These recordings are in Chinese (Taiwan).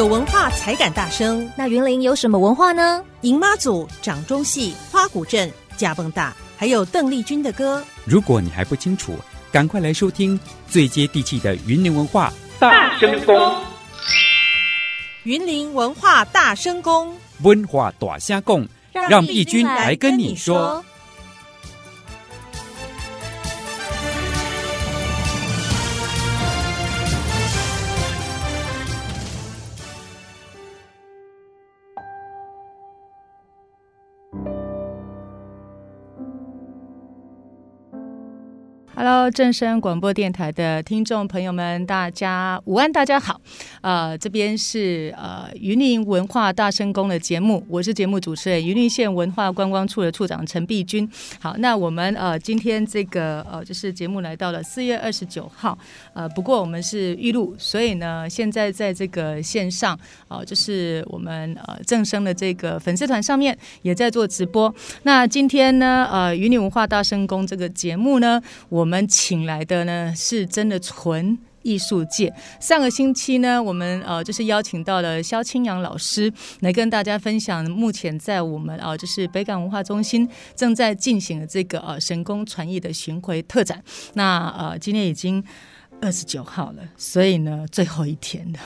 有文化才敢大聲。那雲林有什麼文化呢？迎媽祖、掌中戲、花鼓鎮、嘉蹦大，還有鄧麗君的歌。如果你還不清楚，趕快來收聽最接地氣的雲林文化大聲公。雲林文化大聲公，文化大聲公，聲讓碧君來跟你說。Hello，正聲廣播電台的聽眾朋友們，大家午安，大家好。呃，這邊是呃雲林文化大聲公的節目，我是節目主持人雲林縣文化觀光處的處長陳碧君。好，那我們呃今天這個呃就是節目來到了四月二十九號，呃不過我們是預錄，所以呢現在在這個線上，哦、呃、就是我們呃正聲的這個粉絲團上面也在做直播。那今天呢呃雲林文化大聲公這個節目呢我。我們請來的呢，是真的純藝術界。上個星期呢，我們呃就是邀請到了蕭青陽老師來跟大家分享，目前在我們啊、呃、就是北港文化中心正在進行的這個呃神工傳藝的巡回特展。那呃今天已經。二十九號了，所以呢，最後一天了。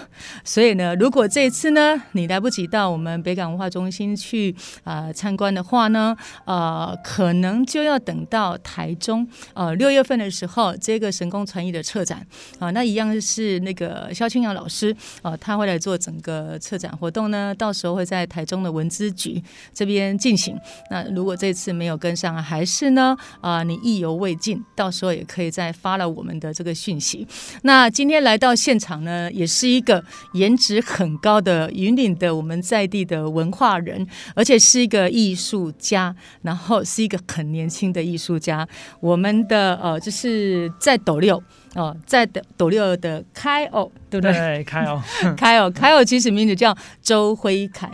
所以呢，如果這次呢，你來不及到我們北港文化中心去啊、呃、參觀的話呢，啊、呃，可能就要等到台中啊六、呃、月份的時候，這個神工傳藝的策展啊、呃，那一樣是那個蕭青陽老師啊、呃，他會來做整個策展活動呢。到時候會在台中的文資局這邊進行。那如果這次沒有跟上，還是呢啊、呃，你意猶未盡，到時候也可以再 follow 我們的這個訊息。那今天來到現場呢，也是一個顏值很高的雲林的我們在地的文化人，而且是一個藝術家，然後是一個很年輕的藝術家。我們的呃，就是在斗六哦，在斗六的凱歐，對不對？對，凱歐， 凱歐，凱歐，其實名字叫周輝凱。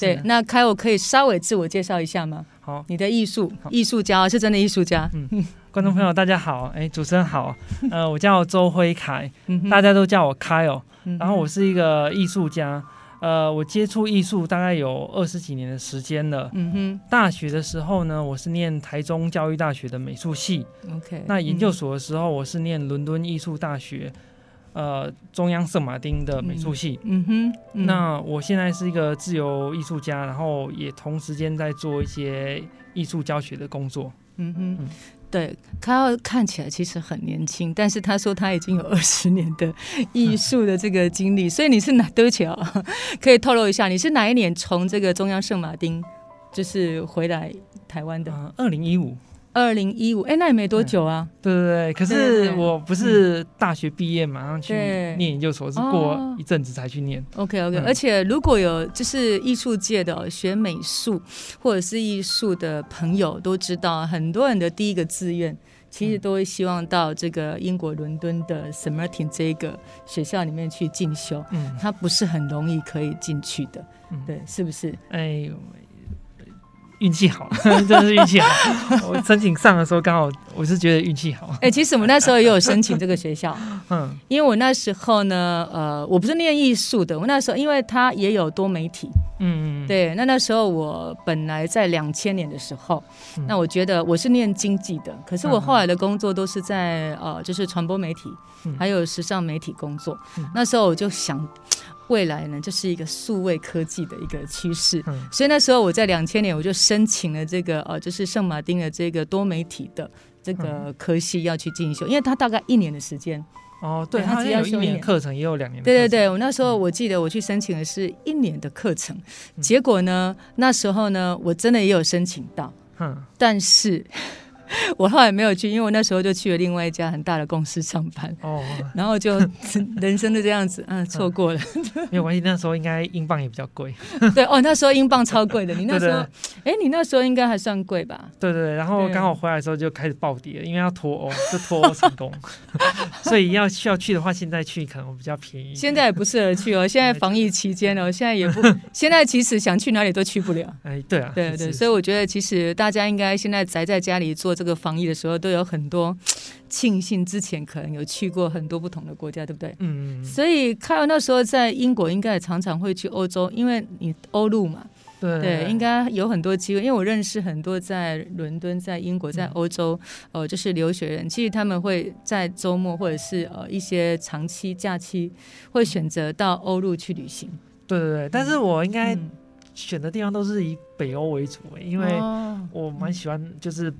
對，那凱歐可以稍微自我介紹一下嗎？你的藝術，藝術家好是真的藝術家。嗯，觀眾朋友大家好，嗯哼誒，主持人好，呃，我叫周輝凱，大家都叫我 Kyle，嗯哼。然後我是一個藝術家，呃，我接觸藝術大概有二十幾年的時間了。嗯，哼大學的時候呢，我是念台中教育大學的美術系。OK，那研究所的時候，我是念倫敦藝術大學。嗯哼嗯呃，中央聖馬丁的美術系，嗯，嗯哼，嗯哼，那我現在是一個自由藝術家，然後也同時間在做一些藝術教學的工作，嗯哼，嗯，對，他看起來其實很年輕，但是他說他已經有二十年的藝術的這個經歷， 所以你是哪？對不起啊、哦，可以透露一下，你是哪一年從這個中央聖馬丁就是回來台灣的？嗯，二零一五。二零一五，哎，那也沒多久啊、嗯。對對對，可是我不是大學畢業馬上、嗯、去念研究所，嗯、就說是過一陣子才去念。哦、OK OK，、嗯、而且如果有就是藝術界的、哦、學美術或者是藝術的朋友都知道，很多人的第一個志願其實都會希望到這個英國倫敦的 Saint Martins 這個學校裡面去進修。嗯，它不是很容易可以進去的，嗯、對，是不是？哎呦喂。運氣好，真、就是運氣好。 我申請上的時候，剛好我是覺得運氣好。哎、 欸，其實我們那時候也有申請這個學校，嗯， 因為我那時候呢，呃，我不是念藝術的，我那時候因為它也有多媒體。嗯，對，那那時候我本來在兩千年的時候，嗯、那我覺得我是念經濟的，嗯、可是我後來的工作都是在、嗯、呃，就是傳播媒體，嗯、還有時尚媒體工作。嗯、那時候我就想，未來呢，就是一個數位科技的一個趨勢，嗯、所以那時候我在兩千年我就申請了這個呃，就是聖馬丁的這個多媒體的這個科系要去進修，嗯、因為它大概一年的時間。哦，對、哎、他只要他有一年的課程對也有兩年課程，對對對，我那時候我記得我去申請的是一年的課程，嗯、結果呢，那時候呢，我真的也有申請到，嗯，但是，嗯我後來沒有去，因為我那時候就去了另外一家很大的公司上班。哦，然後就人生就這樣子，嗯，錯過了。沒有關係，那時候應該英鎊也比較貴。對哦，那時候英鎊超貴的。你那時候，哎，你那時候應該還算貴吧？對對。然後剛好回來的時候就開始暴跌了，因為要脫歐，就脫歐成功。所以要需要去的話，現在去可能比較便宜。現在也不適合去哦，現在防疫期間哦，現在也不現在其實想去哪裡都去不了。哎，對啊，對對，所以我覺得其實大家應該現在宅在家裡做。這個防疫的時候都有很多慶幸，之前可能有去過很多不同的國家，對不對？嗯，所以開完那時候在英國，應該也常常會去歐洲，因為你歐陸嘛。對對，對，對，應該有很多機會。因為我認識很多在倫敦、在英國、在歐洲，嗯、呃，就是留學人，其實他們會在週末或者是呃一些長期假期，會選擇到歐陸去旅行。對對對，但是我應該選的地方都是以北歐為主，嗯嗯，因為我蠻喜歡就是。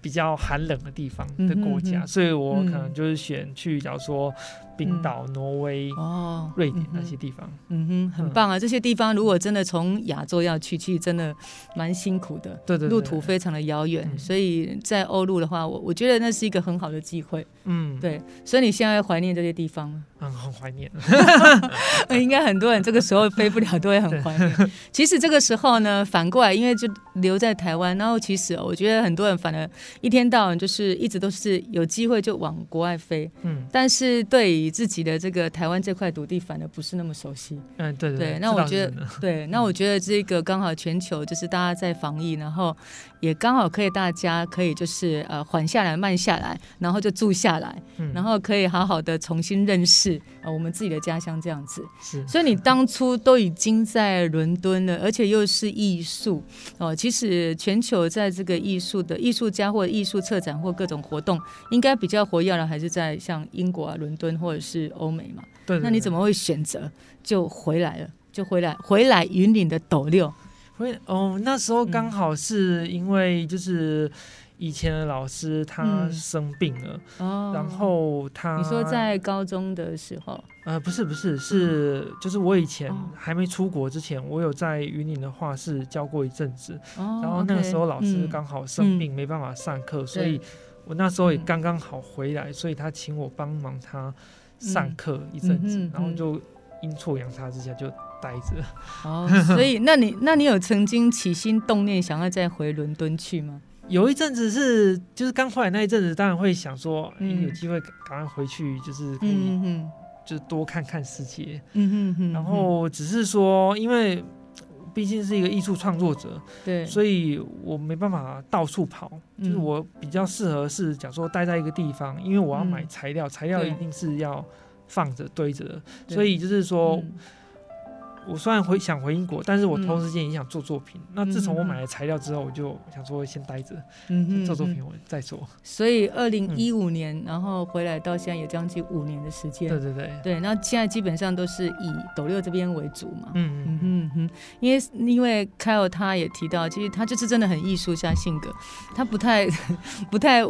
比較寒冷的地方的國家，嗯、哼哼，所以我可能就是選去，嗯、假如說。冰島、挪威、哦、瑞典那些地方，嗯哼，很棒啊！這些地方如果真的從亞洲要去，去真的蠻辛苦的，對對，路途非常的遙遠，所以在歐陸的話，我我覺得那是一個很好的機會，嗯，對，所以你現在懷念這些地方嗎？嗯，很懷念，應該很多人這個時候飛不了都會很懷念。其實這個時候呢，反過來，因為就留在台灣，然後其實我覺得很多人反而一天到晚就是一直都是有機會就往國外飛，嗯，但是對於自己的這個台灣這塊土地反而不是那麼熟悉，嗯，對對，對，對，那我覺得對，那我覺得這個剛好全球就是大家在防疫，然後。也剛好可以，大家可以就是呃緩下來、慢下來，然後就住下來，然後可以好好的重新認識呃我們自己的家鄉這樣子。是，所以你當初都已經在倫敦了，而且又是藝術哦。其實全球在這個藝術的藝術家或藝術策展或各種活動，應該比較活躍的還是在像英國啊、倫敦或者是歐美嘛。對。那你怎麼會選擇就回來了？就回來回來雲林的斗六。會哦，那時候剛好是因為就是以前的老師他生病了，嗯哦、然後他你說在高中的時候？呃，不是不是是就是我以前還沒出國之前，我有在雲林的畫室教過一陣子，哦、然後那個時候老師剛好生病、嗯嗯、沒辦法上課，所以我那時候也剛剛好回來，嗯、所以他請我幫忙他上課一陣子，嗯嗯、哼哼然後就陰錯陽差之下就。呆着哦，待 oh, 所以那你那你有曾經起心動念想要再回倫敦去嗎？有一陣子是就是剛回來那一陣子，當然會想說，嗯欸、有機會趕快回去，就是嗯嗯，嗯就是多看看世界，嗯，嗯，嗯然後只是說，因為畢竟是一個藝術創作者，對，所以我沒辦法到處跑，嗯、就是我比較適合是，講說待在一個地方，因為我要買材料，嗯、材料一定是要放着堆着，對所以就是說。嗯我雖然回想回英國，但是我同時間也想做作品。嗯、那自從我買了材料之後，我就想說先待着，嗯嗯，做作品我再做。所以，二零一五年，嗯、然後回來到現在也將近五年的時間。對對對，對。那現在基本上都是以斗六這邊為主嘛。嗯哼嗯哼嗯嗯，因為因為凱爾他也提到，其實他就是真的很藝術家性格，他不太 不太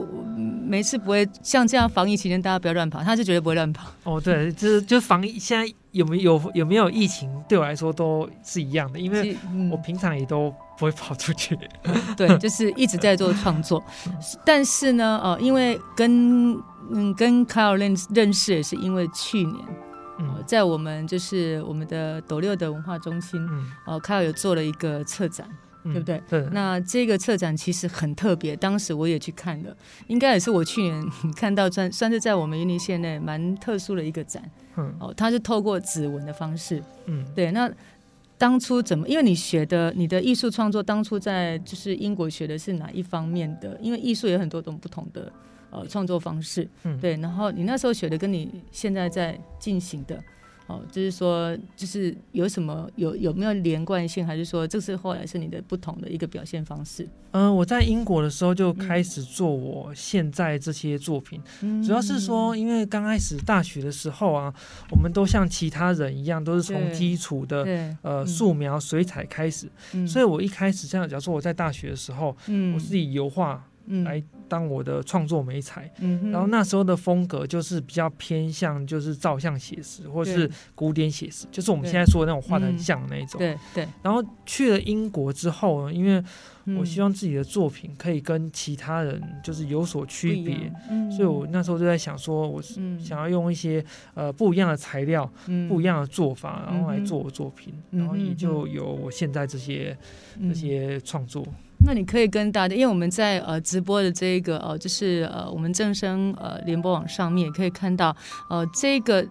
每次不會像這樣防疫期間大家不要亂跑，他是絕對不會亂跑。哦，對， 就是就是防疫現在。有沒有有沒有疫情？對我來說都是一樣的，因為我平常也都不會跑出去。嗯、 對，就是一直在做創作。 但是呢，呃，因為跟嗯跟卡爾認，認識也是因為去年，嗯、在我們就是我們的斗六的文化中心，哦、嗯、卡爾有做了一個策展。對不對？嗯，對。那這個策展其實很特別，當時我也去看了，應該也是我去年看到，算算是在我們雲林縣內蠻特殊的一個展。嗯，哦，它是透過指紋的方式。嗯，對。那當初怎麼？因為你學的你的藝術創作，當初在就是英國學的是哪一方面的？因為藝術有很多種不同的呃創作方式。嗯，對。然後你那時候學的，跟你現在在進行的，哦，就是說，就是有什麼有有沒有連貫性，還是說這是後來是你的不同的一個表現方式？嗯、呃，我在英國的時候就開始做我現在這些作品，嗯、主要是說，因為剛開始大學的時候啊，嗯、我們都像其他人一樣，都是從基礎的對呃素描、水彩開始，嗯、所以我一開始這樣，假如說我在大學的時候，嗯、我是以油畫來，當我的創作媒材，然後那時候的風格就是比較偏向就是照相寫實，或者是古典寫實，就是我們現在說的那種畫得很像的那種，對對。然後去了英國之後呢，因為我希望自己的作品可以跟其他人就是有所區別，所以我那時候就在想說，我想要用一些呃不一樣的材料，不一樣的做法，然後來做我作品，然後也就有我現在這些這些創作。那你可以跟大家，因為我們在呃直播的這一個呃，就是呃我們正聲呃聯播網上面也可以看到呃這個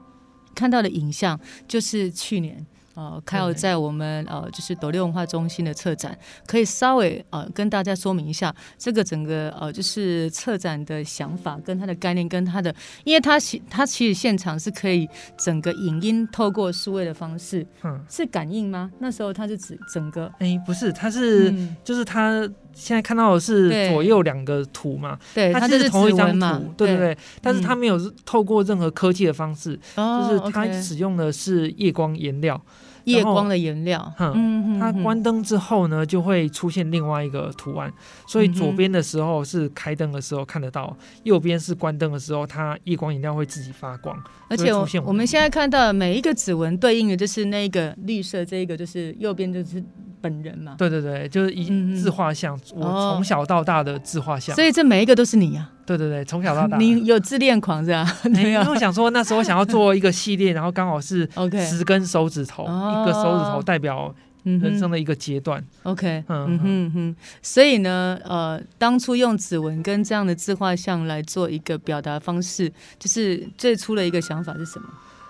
看到的影像，就是去年，呃，還有在我們呃，就是斗六文化中心的策展，可以稍微呃跟大家說明一下這個整個呃，就是策展的想法跟它的概念跟它的，因為它其它其實現場是可以整個影音透過數位的方式，嗯，是感應嗎？那時候它是指整個，哎、欸，不是，它是、嗯、就是它現在看到的是左右兩個圖嘛，對，它是同一張圖，對，對對對，但是它沒有透過任何科技的方式，嗯、就是它使用的是夜光顏料。哦 okay 夜光的顏料，嗯、哼哼它關燈之後呢，就會出現另外一個圖案。嗯、哼所以左邊的時候是開燈的時候看得到，嗯、哼右邊是關燈的時候，它夜光顏料會自己發光。而且我，我，們我們現在看到的每一個指紋對應的就是那個綠色，這個就是右邊就是本人嘛。對對對，就是以自畫像，嗯、哼我從小到大的自畫像。哦。所以這每一個都是你呀？啊。對對對，從小到大 你有自戀狂是吧，啊？對，欸，因為我想說 那時候我想要做一個系列，然後剛好是十根手指頭，Okay. 一個手指頭代表人生的一個階段。OK，嗯嗯嗯，所以呢，呃，當初用指紋跟這樣的自畫像來做一個表達方式，就是最初的一個想法是什麼？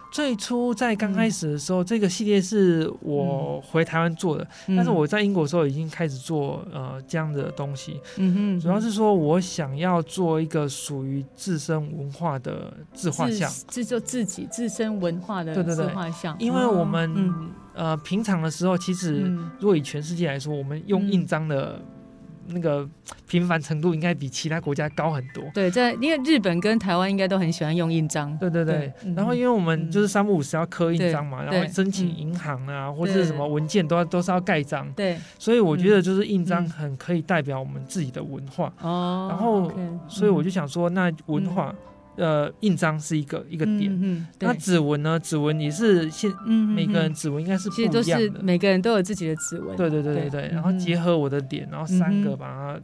最初在剛開始的時候，嗯、這個系列是我回台灣做的。嗯、但是我在英國的時候已經開始做呃這樣的東西。嗯哼，主要是說我想要做一個屬於自身文化的自畫像，製作自己自身文化的自畫像。因為我們、啊、呃平常的時候，其實如果以全世界來說，嗯、我們用印章的。那個頻繁程度應該比其他國家高很多。對，在因為日本跟台灣應該都很喜歡用印章。對對對。對嗯、然後因為我們就是三不五時要刻印章嘛，然後申請銀行啊，對或是什麼文件都要都是要蓋章。對。對所以我覺得就是印章很可以代表我們自己的文化。哦。然後，所以我就想說，那文化。呃，印章是一個一個點，嗯、那指紋呢？指紋也是現、嗯、哼哼每個人指紋應該是不一樣的。其實都是每個人都有自己的指紋、啊，對對對對，對對對，然後結合我的點，嗯、哼然後三個把它、嗯。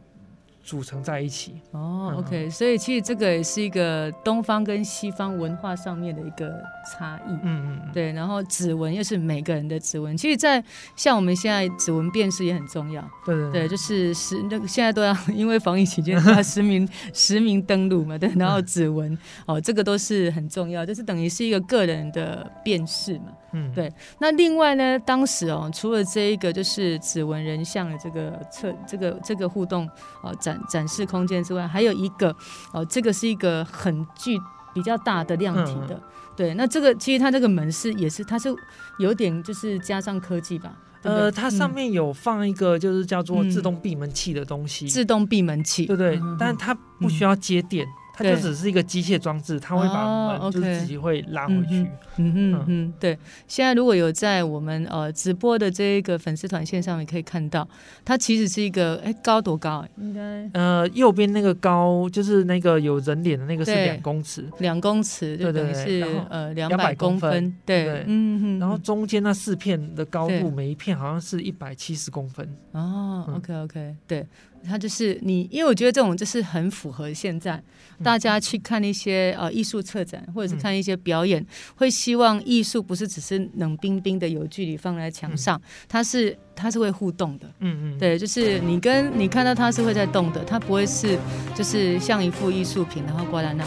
組成在一起哦、嗯，OK，所以其實這個也是一個東方跟西方文化上面的一個差異，嗯嗯，對。然後指紋又是每個人的指紋，其實，在像我們現在指紋辨識也很重要，對對，對，對就是實那個現在都要因為防疫期間都要實名 實名登錄嘛，對，然後指紋哦，這個都是很重要，就是等於是一個個人的辨識嘛。嗯，對。那另外呢，當時哦，除了這一個就是指紋人像的這個測，這個這個互動呃展展示空間之外，還有一個哦、呃，這個是一個很具比較大的量體的。嗯、對，那這個其實它這個門是也是它是有點就是加上科技吧。呃，嗯、它上面有放一個就是叫做自動閉門器的東西。嗯、自動閉門器，對對，嗯、但它不需要接電。嗯嗯它就只是一個機械裝置，它會把就是自己會拉回去。嗯嗯嗯，對。現在如果有在我們呃直播的這一個粉絲團線上，也可以看到，它其實是一個哎高，多高？應該呃右邊那個高，就是那個有人臉的那個是兩公尺，兩公尺就等於是呃兩百公分。對，嗯。然後中間那四片的高度，每一片好像是一百七十公分。哦，OK OK，對。它就是你，因為我覺得這種就是很符合現在大家去看一些呃藝術策展，或者是看一些表演，會希望藝術不是只是冷冰冰的有距離放在牆上，它是它是會互動的，嗯嗯，對，就是你跟你看到它是會在動的，它不會是就是像一幅藝術品然後掛在那。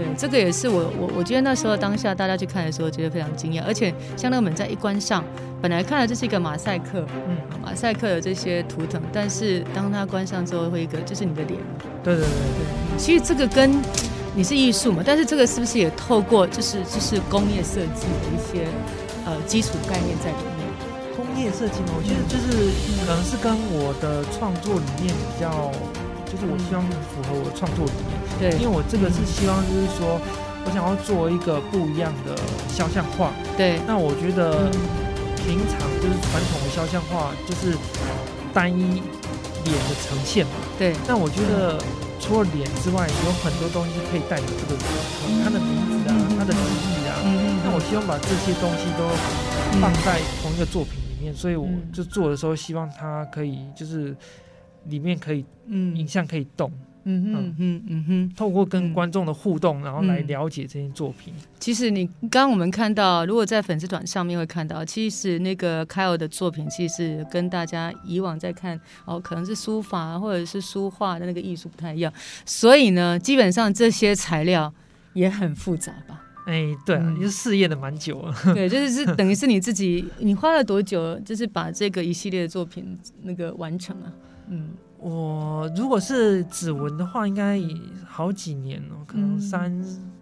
對，這個也是我我我覺得那時候當下大家去看的時候，覺得非常驚訝。而且像那個門在一關上，本來看的就是一個馬賽克，嗯，馬賽克的這些圖騰，但是當它關上之後，會一個就是你的臉。對對對對，對，對。其實這個跟你是藝術嘛，但是這個是不是也透過就是就是工業設計的一些呃基礎概念在裡面？工業設計嘛，我覺得就是可能是跟我的創作理念比較，就是我希望符合我的創作理念。對，因為我這個是希望，就是說我想要做一個不一樣的肖像畫。對，那我覺得平常就是傳統的肖像畫就是單一臉的呈現嘛。對，那我覺得除了臉之外，對有很多東西是可以代表這個人，他的名字啊，他的記憶啊。那、嗯、我希望把這些東西都放在同一個作品裡面，所以我就做的時候希望它可以就是裡面可以嗯、影像可以動。嗯嗯嗯嗯哼，透過跟觀眾的互動，嗯、然後來了解這些作品。其實你剛剛我們看到，如果在粉絲團上面會看到，其實那個 Kyle 的作品，其實跟大家以往在看哦，可能是書法或者是書畫的那個藝術不太一樣。所以呢，基本上這些材料也很複雜吧？哎，對啊，嗯、你是試驗了蠻久了。對，就是是等於是你自己， 你花了多久，就是把這個一系列的作品那個完成啊？嗯。我如果是指紋的話，應該好幾年了、喔，可能三、嗯、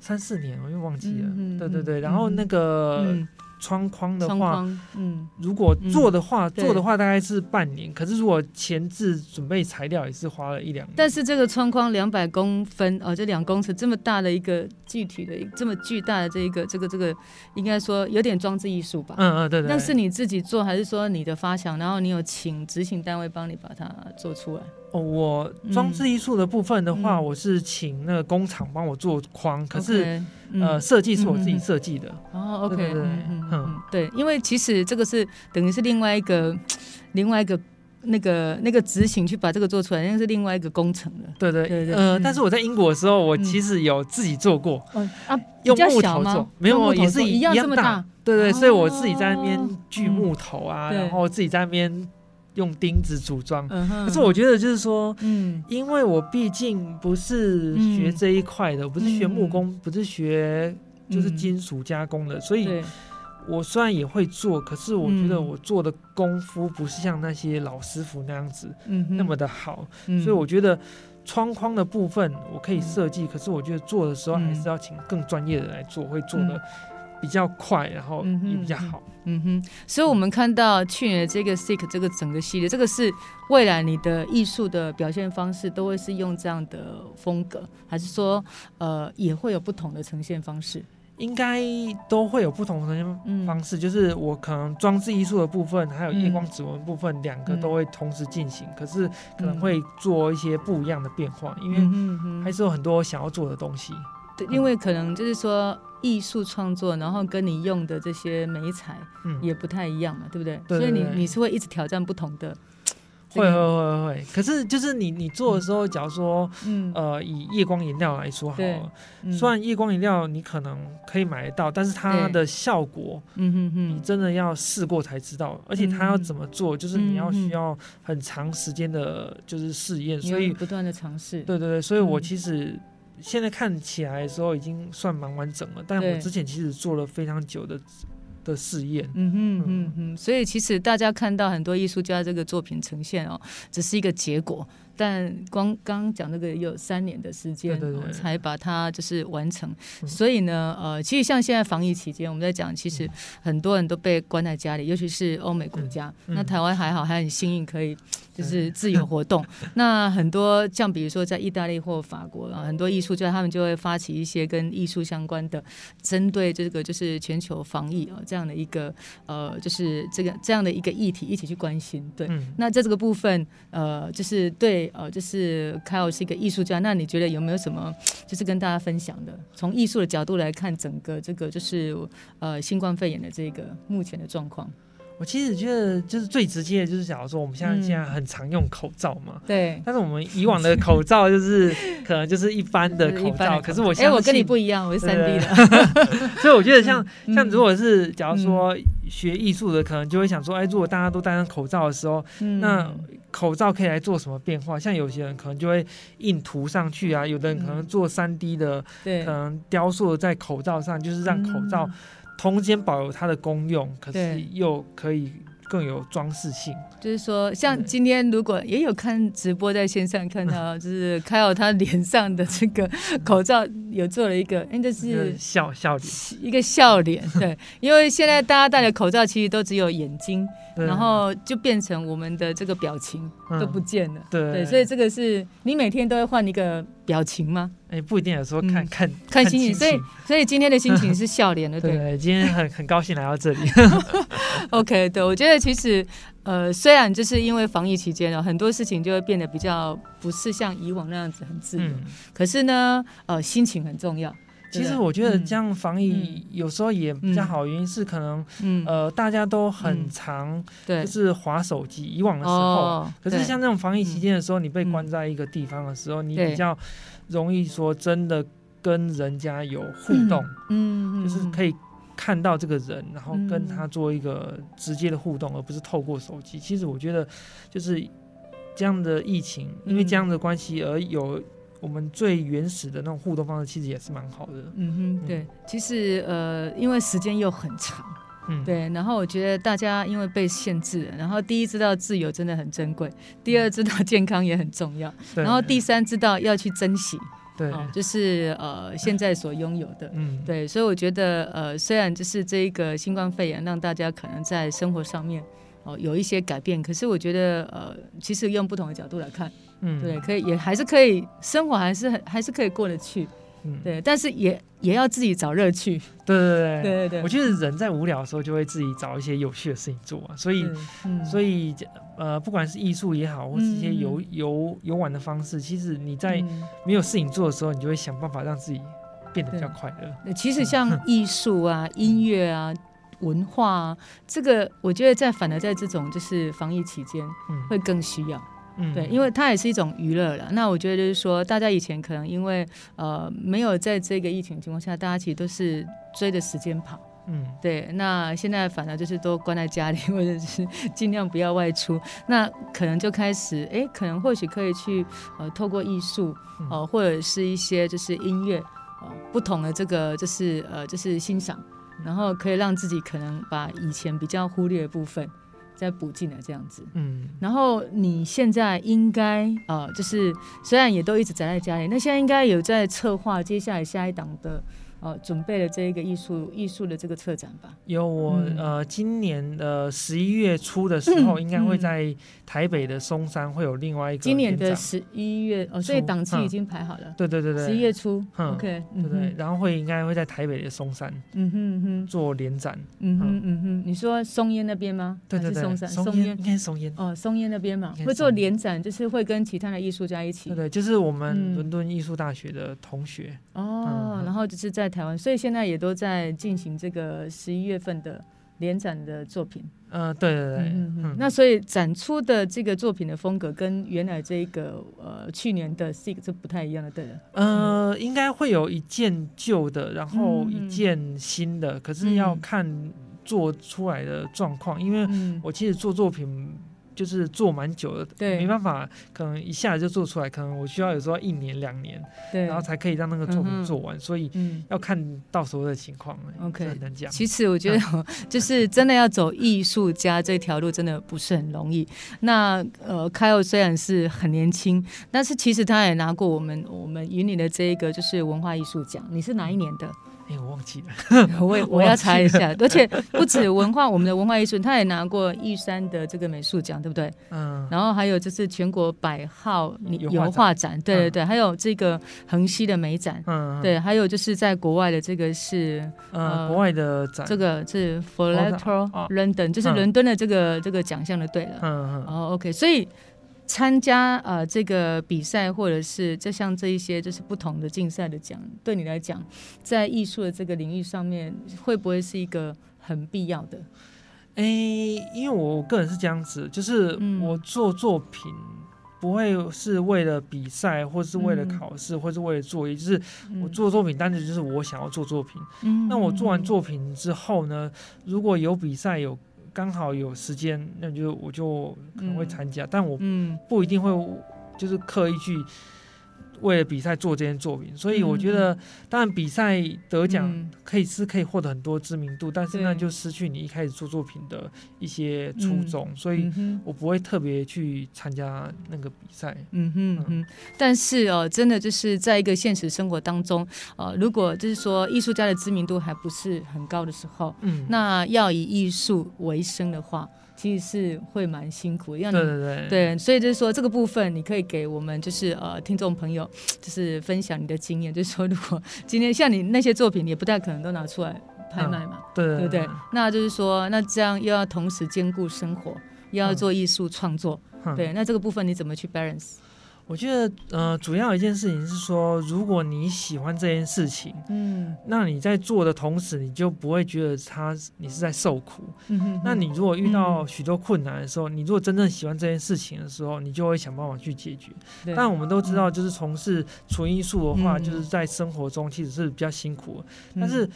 三四年、喔，我又忘記了。嗯嗯、對對對，然後那個。嗯嗯窗框的話，窗框嗯，如果做的話，嗯、做的話大概是半年。對可是如果前置準備材料也是花了一兩年。但是這個窗框兩百公分哦，這兩公尺這麼大的一個具體的，這麼巨大的這一個這個這個，應該說有點裝置藝術吧？嗯嗯，對對。那是你自己做，還是說你的發想，然後你有請執行單位幫你把它做出來？哦，我裝置藝術的部分的話，嗯、我是請那個工廠幫我做框，嗯、可是。Okay 呃，設計是我自己設計的。哦，OK，嗯，對，因為其實這個是等於是另外一個，另外一個那個那個執行去把這個做出來，那是另外一個工程的。對對對，呃，但是我在英國的時候，我其實有自己做過，啊，用木頭做，沒有，也是一一樣大。對對，所以我自己在那邊鋸木頭啊，然後自己在那邊。用釘子組裝，uh-huh, 可是我覺得就是說，嗯、因為我畢竟不是學這一塊的，嗯、不是學木工，嗯、不是學就是金屬加工的，嗯、所以我雖然也會做，可是我覺得我做的功夫不是像那些老師傅那樣子，那麼的好，嗯、所以我覺得窗框的部分我可以設計，嗯、可是我覺得做的時候還是要請更專業的人來做，嗯、會做的。比較快，然後也比較好，嗯哼，嗯哼。所以，我們看到去年的這個《Sick》這個整個系列，這個是未來你的藝術的表現方式都會是用這樣的風格，還是說呃也會有不同的呈現方式？應該都會有不同的方式，嗯、就是我可能裝置藝術的部分，還有夜光指紋部分，兩、嗯、個都會同時進行，可是可能會做一些不一樣的變化，嗯、哼因為還是有很多想要做的東西。嗯、對，因為可能就是說。藝術創作，然後跟你用的這些媒材也不太一樣嘛，對不對？所以你你是會一直挑戰不同的。會會會。可是就是你你做的時候，假如說，呃，以夜光顏料來說好了，雖然夜光顏料你可能可以買得到，但是它的效果，嗯哼哼，你真的要試過才知道。而且它要怎麼做，就是你要需要很長時間的，就是試驗，所以不斷的嘗試。對對對，所以我其實。現在看起來的時候已經算蠻完整了，但我之前其實做了非常久的對的試驗。嗯哼嗯哼，嗯哼嗯，所以其實大家看到很多藝術家這個作品呈現哦，只是一個結果。但光剛，剛講那個也有三年的時間，對對對、哦、才把它就是完成，對對對，所以呢，呃，其實像現在防疫期間，我們在講，其實很多人都被關在家裡，尤其是歐美國家。嗯、那台灣還好，嗯、還很幸運可以就是自由活動。嗯、那很多像比如說在意大利或法國啊，很多藝術家他們就會發起一些跟藝術相關的，針對這個就是全球防疫啊這樣的一個呃，就是這個這樣的一個議題一起去關心。對，嗯、那在這個部分，呃，就是對。呃，就是 Kyle 是一個藝術家，那你覺得有沒有什麼就是跟大家分享的？從藝術的角度來看，整個這個就是呃，新冠肺炎的這個目前的狀況。我其實覺得，就是最直接的就是，假如說我們現在現在很常用口罩嘛，嗯、對。但是我們以往的口罩就是可能就是一般的口罩， 是口罩可是我現在、欸、我跟你不一樣，我是三 D 的。所以我覺得像、嗯、像如果是假如說學藝術的，嗯、可能就會想說，哎，如果大家都戴上口罩的時候，嗯、那口罩可以來做什麼變化？像有些人可能就會印圖上去啊，有的人可能做三 D 的，嗯、可能雕塑在口罩上，對就是讓口罩，空間保留它的功用，可是又可以更有裝飾性。就是說，像今天如果也有看直播，在線上看到，就是看到他臉上的這個口罩。 有做了一個，因、欸、這是笑笑臉，一個笑臉，對，因為現在大家戴的口罩其實都只有眼睛，對然後就變成我們的這個表情都不見了，嗯、對,對，所以這個是你每天都會換一個表情嗎？哎、欸，不一定，有時候看、嗯、看看心,看心情，所以所以今天的心情是笑臉的，對,對，今天很很高興來到這裡 ，OK，對，我覺得其實。呃，雖然就是因為防疫期間呢，很多事情就會變得比較不是像以往那樣子很自由，嗯、可是呢，呃，心情很重要。其實我覺得這樣防疫有時候也比較好，原因是可能，嗯嗯、呃，大家都很常就是滑手機，嗯、以往的時候，嗯、可是像這種防疫期間的時候，你被關在一個地方的時候，嗯、你比較容易說真的跟人家有互動，嗯，就是可以。看到這個人，然後跟他做一個直接的互動，嗯、而不是透過手機。其實我覺得，就是這樣的疫情，嗯、因為這樣的關係，而有我們最原始的那種互動方式，其實也是蠻好的。嗯哼，對。嗯、其實呃，因為時間又很長，嗯、對。然後我覺得大家因為被限制了，然後第一知道自由真的很珍貴，第二知道健康也很重要，嗯、然後第三知道要去珍惜。對對、哦，就是呃，現在所擁有的，嗯，對，所以我覺得，呃，雖然就是這個新冠肺炎讓大家可能在生活上面哦、呃、有一些改變，可是我覺得，呃，其實用不同的角度來看，嗯，對，可以，也還是可以，生活還是很，還是可以過得去。對，但是也也要自己找樂趣。對對對，對，對，對，我覺得人在無聊的時候就會自己找一些有趣的事情做，所以、嗯、所以呃，不管是藝術也好，或是一些遊游遊玩的方式，其實你在沒有事情做的時候，你就會想辦法讓自己變得比較快樂。其實像藝術啊、哼音樂啊、文化啊，這個我覺得在反而在這種就是防疫期間，會更需要。對，因為它也是一種娛樂了。那我覺得就是說，大家以前可能因為呃沒有在這個疫情情況下，大家其實都是追着時間跑，嗯，對。那現在反而就是都關在家裡，或者就是盡量不要外出，那可能就開始哎，可能或許可以去呃透過藝術哦、呃，或者是一些就是音樂哦、呃、不同的這個就是呃就是欣賞，然後可以讓自己可能把以前比較忽略的部分。再補進來這樣子，嗯，然後你現在應該呃，就是雖然也都一直宅在，在家裡，那現在應該有在策劃接下來下一檔的。哦，準備了這一個藝術藝術的這個策展吧。有我呃，今年的十一月初的時候，應該會在台北的松山會有另外一個。今年的十一月哦，所以檔期已經排好了。對對對對。十一月初，OK。對。對，然後會應該會在台北的松山，嗯哼哼，做聯展，嗯哼嗯哼。你說松菸那邊嗎？對對對，松山。松菸，應該是松菸。哦，松菸那邊嘛，會做聯展，就是會跟其他的藝術家一起。對對，就是我們倫敦藝術大學的同學。哦，然後就是在。台灣，所以現在也都在進行這個十一月份的聯展的作品。嗯、呃，對對對，嗯嗯、那所以展出的這個作品的風格跟原來這個呃去年的 s i c 就不太一樣的對，呃，應該會有一件舊的，然後一件新的，嗯嗯、可是要看做出來的狀況，嗯、因為我其實做作品。就是做蠻久了，對，沒辦法，可能一下子就做出來，可能我需要有時候一年兩年，對，然後才可以讓那個作品做完，嗯、哼所以要看到時候的情況。OK，能、嗯、講。Okay, 其次，我覺得呵就是真的要走藝術家這條路，真的不是很容易。嗯、那呃，Kyle 雖然是很年輕，但是其實他也拿過我們我們雲林的這一個就是文化藝術獎。你是哪一年的？嗯哎，我忘記了，我我要查一下，而且不止文化，我們的文化藝術，他也拿過玉山的這個美術獎，對不對？嗯，然後還有就是全國百號油畫展，對對對，還有這個橫溪的美展，嗯，對，還有就是在國外的這個是呃國外的展，這個是 Florence London，就是倫敦的這個這個獎項的，對了，嗯嗯，然後 OK 所以。參加呃，這個比賽或者是就像這一些，就是不同的競賽的獎，對你來講，在藝術的這個領域上面，會不會是一個很必要的？哎、欸，因為我個人是這樣子，就是我做作品不會是為了比賽，或是為了考試，嗯、或是為了作業。就是我做作品單純就是我想要做作品。嗯嗯嗯。那我做完作品之後呢，如果有比賽有。剛好有時間，那就我就可能會參加，嗯，但我不一定會，就是刻意去。為了比賽做這件作品，所以我覺得，當然比賽得獎可以是可以獲得很多知名度，嗯，但是那就失去你一開始做作品的一些初衷，嗯，所以我不會特別去參加那個比賽。嗯哼，嗯嗯，但是哦，呃，真的就是在一個現實生活當中，呃，如果就是說藝術家的知名度還不是很高的時候，嗯，那要以藝術為生的話。其實是會蠻辛苦，讓你對，對，對，對，所以就是說這個部分，你可以給我們就是呃聽眾朋友，就是分享你的經驗，就是說如果今天像你那些作品，你也不太可能都拿出來拍賣嘛，嗯、對不對，對？那就是說，那這樣又要同時兼顧生活，又要做藝術創作，對，那這個部分你怎麼去 balance？我覺得，呃，主要一件事情是說，如果你喜歡這件事情，嗯，那你在做的同時，你就不會覺得他你是在受苦。嗯，那你如果遇到許多困難的時候，嗯、你如果真正喜歡這件事情的時候，你就會想辦法去解決。對但我們都知道，就是從事純藝術的話，嗯、就是在生活中其實是比較辛苦。嗯、但是。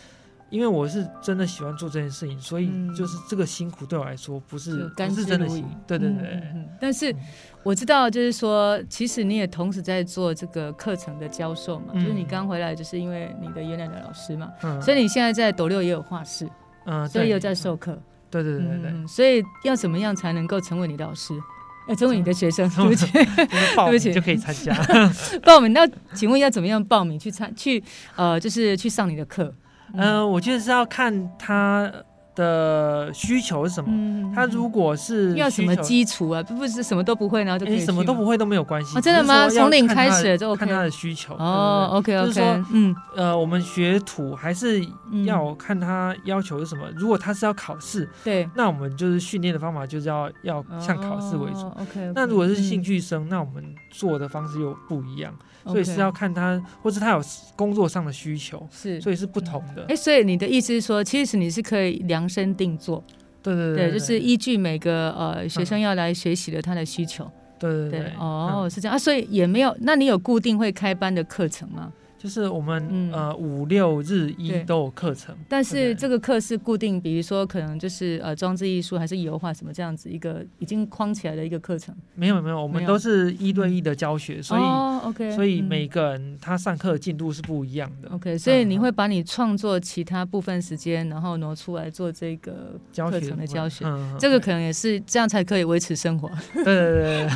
因為我是真的喜歡做這件事情，所以就是這個辛苦對我來說不是不是真的辛苦，嗯、對對對。但是我知道，就是說，其實你也同時在做這個課程的教授嘛，嗯、就是你剛回來就是因為你的原來的老師嘛，嗯、所以你現在在斗六也有畫室，嗯，所以有在授課，對對對對對、嗯。所以要怎麼樣才能夠成為你的老師，呃？成為你的學生？嗯、對不起，對不起，就可以參加報 名。那請問要怎麼樣報名去參去呃，就是去上你的課？嗯，我覺得是要看他的需求是什麼。他如果是要什麼基礎啊，不是什麼都不會，然後就可以什麼都不會都沒有關係，真的嗎？從零開始就看他的需求哦，OK OK，就是說，嗯，呃，我們學徒還是要看他要求是什麼。如果他是要考試，對，那我們就是訓練的方法就是要要像考試為主，OK。那如果是興趣生，那我們做的方式又不一樣。所以是要看他，Okay. 或者他有工作上的需求，是，所以是不同的。哎、嗯欸，所以你的意思是說，其實你是可以量身定做，對對對，對，對，就是依據每個呃學生要來學習的他的需求，嗯、對對對，對，哦，是這樣、嗯、啊，所以也沒有，那你有固定會開班的課程嗎？就是我們、嗯、呃五六日一都有課程，對對但是這個課是固定，比如說可能就是呃裝置藝術還是油畫什麼這樣子一個已經框起來的一個課程、嗯。沒有沒有，我們都是一對一的教學，嗯、所以、哦、OK，所以每個人他上課進度是不一樣的、嗯。OK，所以你會把你創作其他部分時間，然後挪出來做這個課程的教學，教學嗯嗯嗯、這個可能也是這樣才可以維持生活。對對對,對，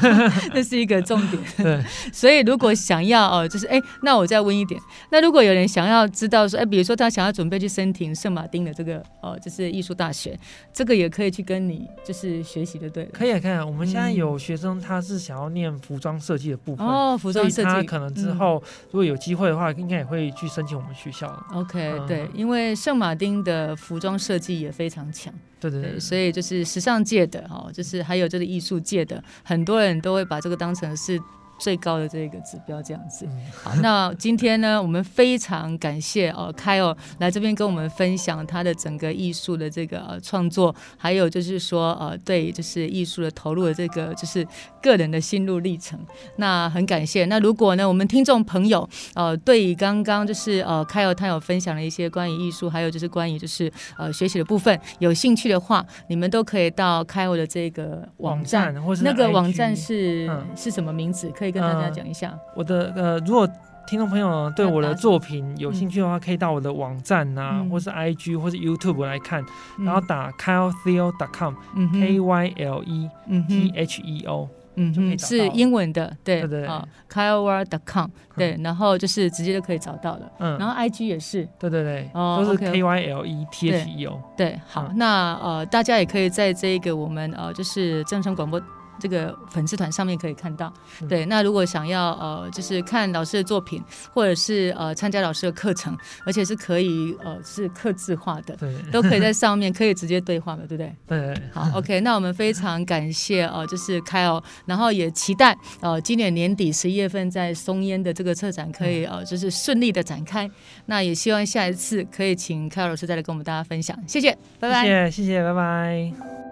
那是一個重點。 對，所以如果想要哦、呃，就是哎、欸，那我再問一點。那如果有人想要知道說，哎，比如說他想要準備去申請聖馬丁的這個哦，就是藝術大學，這個也可以去跟你就是學習的，對，可以啊，可以啊。我們現在有學生他是想要念服裝設計的部分、嗯、哦，服裝設計他可能之後、嗯、如果有機會的話，應該也會去申請我們學校。OK、嗯、對，因為聖馬丁的服裝設計也非常強，對對對，對，所以就是時尚界的哦，就是還有這個藝術界的很多人都會把這個當成是。最高的這個指標這樣子，好，那今天呢，我們非常感謝哦，呃、Kyle 來這邊跟我們分享他的整個藝術的這個呃、創作，還有就是說呃，對就是藝術的投入的這個就是個人的心路歷程。那很感謝。那如果呢，我們聽眾朋友呃，對於剛剛就是呃，Kyle 他有分享了一些關於藝術，還有就是關於就是呃學習的部分，有興趣的話，你們都可以到 Kyle 的這個網站，網站或是一個 IG, 那個網站是、嗯、是什麼名字？可以跟大家講一下，我的呃，如果聽眾朋友對我的作品有興趣的話，可以到我的網站吶，或是 I G 或是 YouTube 來看，然後打 kyletheo.com，k y l e t h e o，嗯，就可以找到，是英文的，對對 kyletheo.com 對，然後就是直接就可以找到了，嗯，然後 I G 也是，對對對，都是 k y l e t h e o，對，好，那呃，大家也可以在這個我們呃，就是正聲廣播。這個粉絲團上面可以看到，對。那如果想要呃，就是看老師的作品，或者是呃參加老師的課程，而且是可以呃是客製化的，對，都可以在上面 可以直接對話的，對不對？對。對，好 ，OK。那我們非常感謝哦、呃，就是 Kyle 然後也期待呃，今年年底十一月份在松煙的這個策展可以、嗯、呃，就是順利的展開。那也希望下一次可以請 Kyle 老師再來跟我們大家分享，謝謝，謝謝拜拜謝謝。謝謝，拜拜。